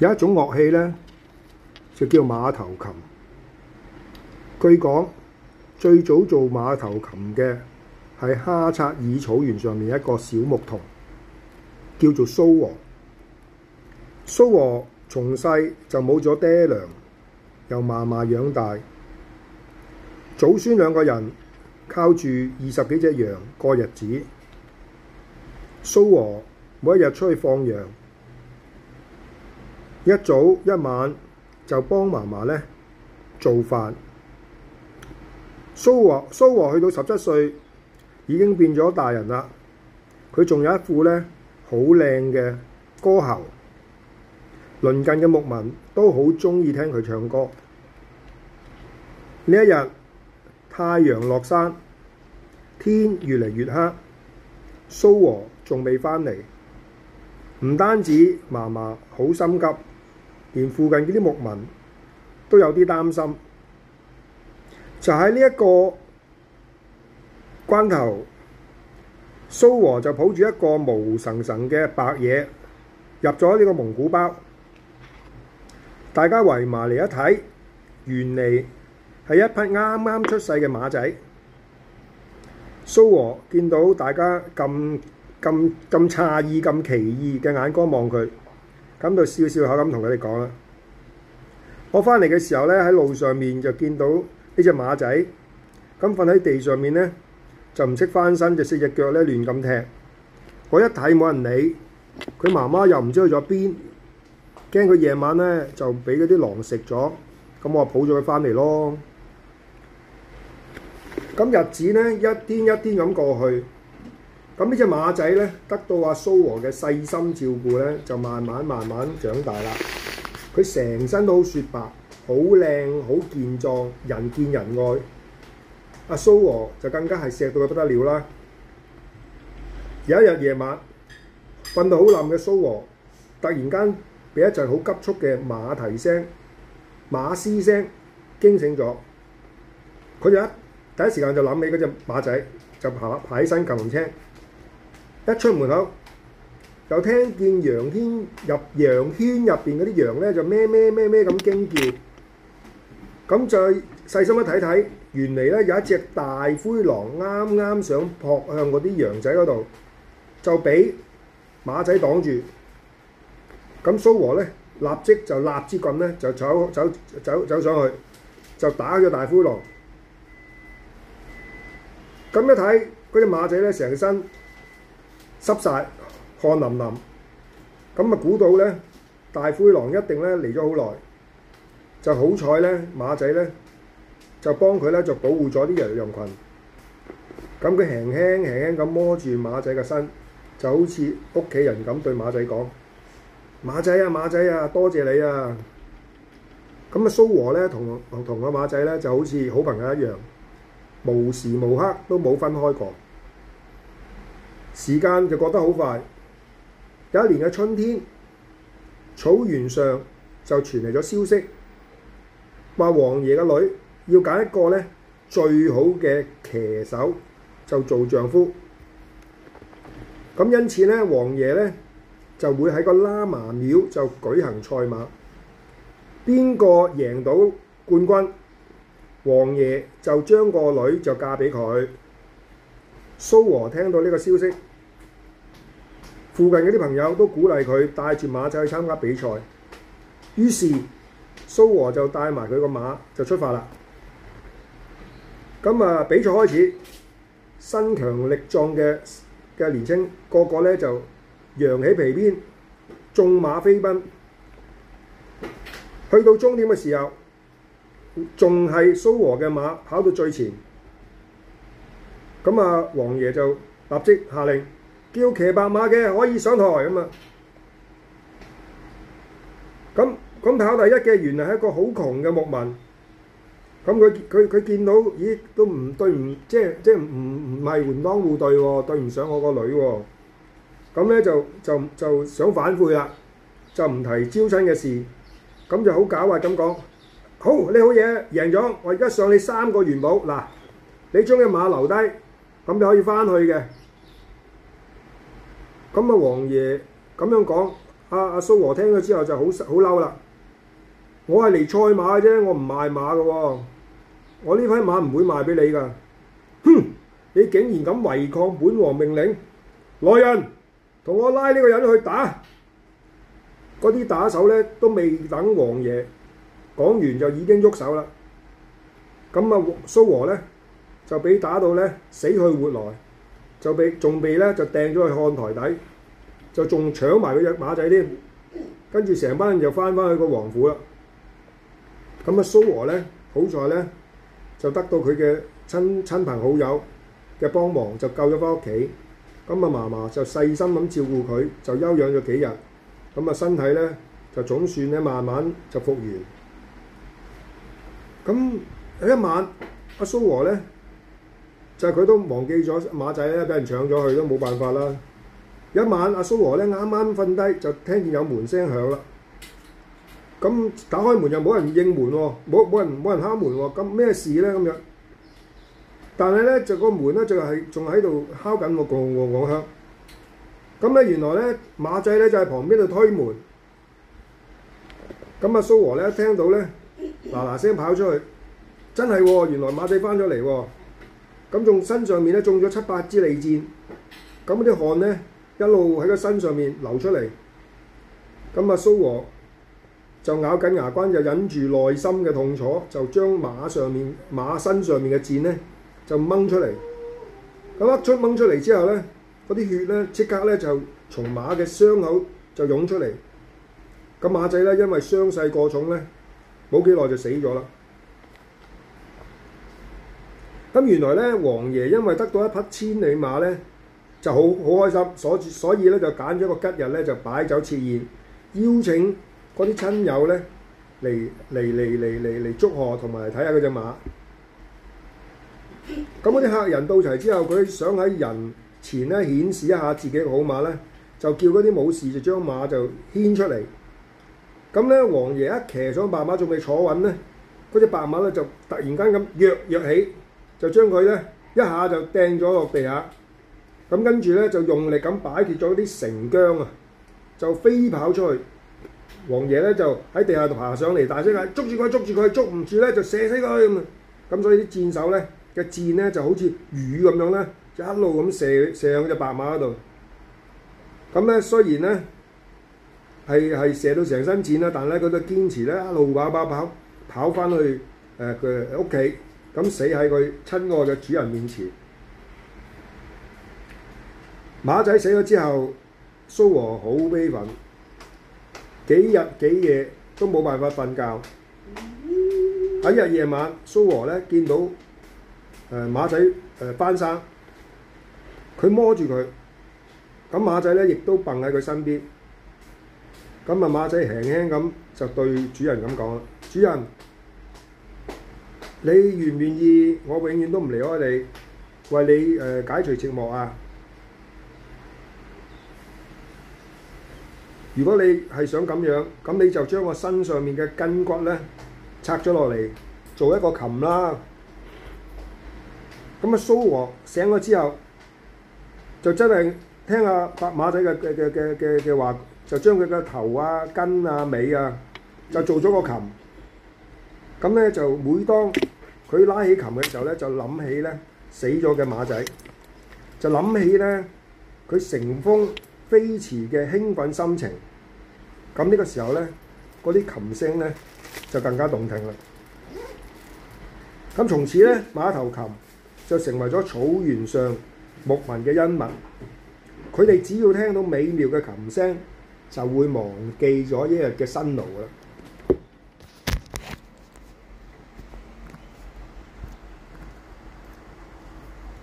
有一種樂器呢，就叫馬頭琴。據講，最早做馬頭琴嘅係哈察爾草原上面一個小牧童，叫做蘇和。蘇和從細就冇咗爹娘，又嫲嫲養大。祖孫兩個人靠住二十幾隻羊過日子。蘇和每一日出去放羊。一早一晚就幫嫲嫲咧做飯。蘇和蘇和去到十七歲已經變咗大人啦，佢仲有一副咧好靚嘅歌喉，鄰近嘅牧民都好鍾意聽佢唱歌。呢一日太陽落山，天越嚟越黑，蘇和仲未返嚟，唔單止嫲嫲好心急，連附近啲牧民都有啲擔心，就喺呢一個關頭，蘇和就抱住一個毛神神嘅白嘢入咗呢個蒙古包，大家圍埋嚟一睇，原嚟係一匹啱啱出世嘅馬仔。蘇和見到大家咁咁咁詫異、咁奇異嘅眼光望佢。咁就笑笑口咁同佢哋講啦。我翻嚟嘅時候咧，喺路上面就見到呢隻馬仔，咁瞓喺地上面咧就唔識翻身，就四隻腳咧亂咁踢。我一睇冇人理，佢媽媽又唔知去咗邊，驚佢夜晚咧就俾嗰啲狼食咗。咁我抱咗佢翻嚟咯。咁日子咧一天一天咁過去。咁呢隻馬仔咧，得到阿蘇和嘅細心照顧咧，就慢慢慢慢長大啦。佢成身都好雪白，好靚好健壯，人見人愛。阿蘇和就更加係錫到佢不得了啦。有一日夜晚瞓到好冧嘅蘇和，突然間俾一陣好急促嘅馬蹄聲、馬嘶聲驚醒咗。佢就一第一時間就諗起嗰隻馬仔，就爬爬起身撳門車。一出門口就聽見羊圈入羊圈入邊嗰啲羊咧就咩咩咩咩咁驚叫，咁再細心一睇睇，原嚟咧有一隻大灰狼啱啱想撲向嗰啲羊仔嗰度，就俾馬仔擋住。咁蘇和咧立即就擸支棍咧就走走走走上去就打咗大灰狼。咁一睇嗰隻馬仔咧成身。濕曬，汗淋淋，咁啊估到咧，大灰狼一定咧嚟咗好耐，就好彩咧，馬仔咧就幫佢咧就保護咗啲羊羊羣，咁佢輕輕輕輕咁摸住馬仔嘅身，就好似屋企人咁對馬仔講：馬仔啊，馬仔啊，多謝你啊！咁啊，蘇和咧同同個馬仔咧就好似好朋友一樣，無時無刻都冇分開過。時間就過得好快，有一年嘅春天，草原上就傳嚟咗消息，話王爺嘅女要揀一個呢最好嘅騎手就做丈夫。咁因此呢，王爺呢就會喺個喇嘛廟就舉行賽馬，邊個贏到冠軍，王爺就將個女就嫁俾佢。蘇和聽到呢個消息。附近嗰啲朋友都鼓勵佢帶住馬仔去參加比賽，於是蘇和就帶埋佢個馬就出發啦。咁啊，比賽開始，身強力壯嘅嘅年青個個咧就揚起皮鞭，縱馬飛奔。去到終點嘅時候，仲係蘇和嘅馬跑到最前。咁啊，王爺就立即下令。要騎白馬嘅可以上台咁啊！咁咁跑第一嘅原嚟係一個好窮嘅牧民，咁佢佢佢見到咦，都唔對唔，即係即係唔唔係門當戶對喎，對唔上我個女喎，咁咧就就就想反悔啦，就唔提招親嘅事，咁就好狡猾咁講，好你好嘢，贏咗，我而家上你三個元寶嗱，你將隻馬留低，咁你可以翻去嘅。咁啊，王爺咁樣講，阿阿蘇和聽咗之後就好好嬲啦！我係嚟賽馬嘅啫，我唔賣馬嘅喎，我呢匹馬唔會賣俾你噶。哼！你竟然敢違抗本王命令，來人，同我拉呢個人去打！嗰啲打手咧都未等王爺講完就已經喐手啦。咁啊，蘇和咧就俾打到咧死去活來，就被仲被咧就掟咗去漢台底，就仲搶埋佢隻馬仔添，跟住成班人就翻翻去個王府啦。咁啊蘇和咧，好在咧就得到佢嘅親親朋好友嘅幫忙，就救咗翻屋企。咁啊嫲嫲就細心咁照顧佢，就休養咗幾日。咁啊身體咧就總算咧慢慢就復原。咁有一晚，阿蘇和咧。就係佢都忘記咗馬仔咧，俾人搶咗去都冇辦法啦。一晚阿蘇和咧啱啱瞓低就聽見有門聲響啦。咁打開門又冇人應門喎，冇冇人冇人敲門喎。咁咩事咧咁樣？但係咧就個門咧就係仲喺度敲緊喎，轟轟響。咁咧原來咧馬仔咧就喺旁邊度推門。咁阿蘇和咧一聽到咧嗱嗱聲跑出去，真係喎，原來馬仔返咗嚟喎。咁仲身上面咧中咗七八支利箭，咁啲汗咧一路喺個身上面流出嚟，咁阿蘇和就咬緊牙關，就忍住內心嘅痛楚，就將馬上面馬身上面嘅箭咧就掹出嚟，咁掹出掹出嚟之後咧，嗰啲血咧即刻咧就從馬嘅傷口就湧出嚟，咁馬仔咧因為傷勢過重咧，冇幾耐就死咗啦。咁原來咧，王爺因為得到一匹千里馬咧，就好好開心，所以所以咧就揀咗個吉日咧，就擺酒設宴，邀請嗰啲親友咧嚟嚟嚟嚟嚟嚟祝賀，同埋睇下嗰隻馬。咁嗰啲客人到齊之後，佢想喺人前咧顯示一下自己嘅好馬咧，就叫嗰啲武士就將馬就牽出嚟。咁咧，王爺一騎上白馬，仲未坐穩咧，嗰隻白馬咧就突然間咁躍躍起。就將佢咧一下就掟咗落地下，咁跟住咧就用力咁擺脫咗啲繩韁啊，就飛跑出去。王爺咧就喺地下度爬上嚟，大聲嗌：捉住佢！捉住佢！捉唔住咧就射死佢咁。咁所以啲箭手咧嘅箭咧就好似雨咁樣咧，一路咁射射向隻白馬嗰度。咁咧雖然咧係係射到成身箭啦，但咧佢都堅持咧一路跑跑跑跑翻去誒佢屋企。咁死喺佢親愛嘅主人面前，馬仔死咗之後，蘇和好悲憤，幾日幾夜都冇辦法瞓覺。喺日夜晚，蘇和咧見到誒、呃、馬仔誒翻生，佢、呃、摸住佢，咁馬仔咧亦都蹦喺佢身邊。咁啊，馬仔輕輕咁就對主人咁講啦，主人。你願唔願意？我永遠都唔離開你，為你誒解除寂寞啊！如果你係想咁樣，咁你就將我身上面嘅筋骨咧拆咗落嚟，做一個琴啦。咁啊，蘇和醒咗之後，就真係聽阿白馬仔嘅嘅嘅嘅嘅話，就將佢嘅頭啊、筋啊、尾啊，就做咗個琴。咁咧就每當佢拉起琴嘅時候咧，就諗起咧死咗嘅馬仔，就諗起咧佢乘風飛馳嘅興奮心情。咁呢個時候咧，嗰啲琴聲咧就更加動聽啦。咁從此咧，馬頭琴就成為咗草原上牧民嘅恩物。佢哋只要聽到美妙嘅琴聲，就會忘記咗一日嘅辛勞啦。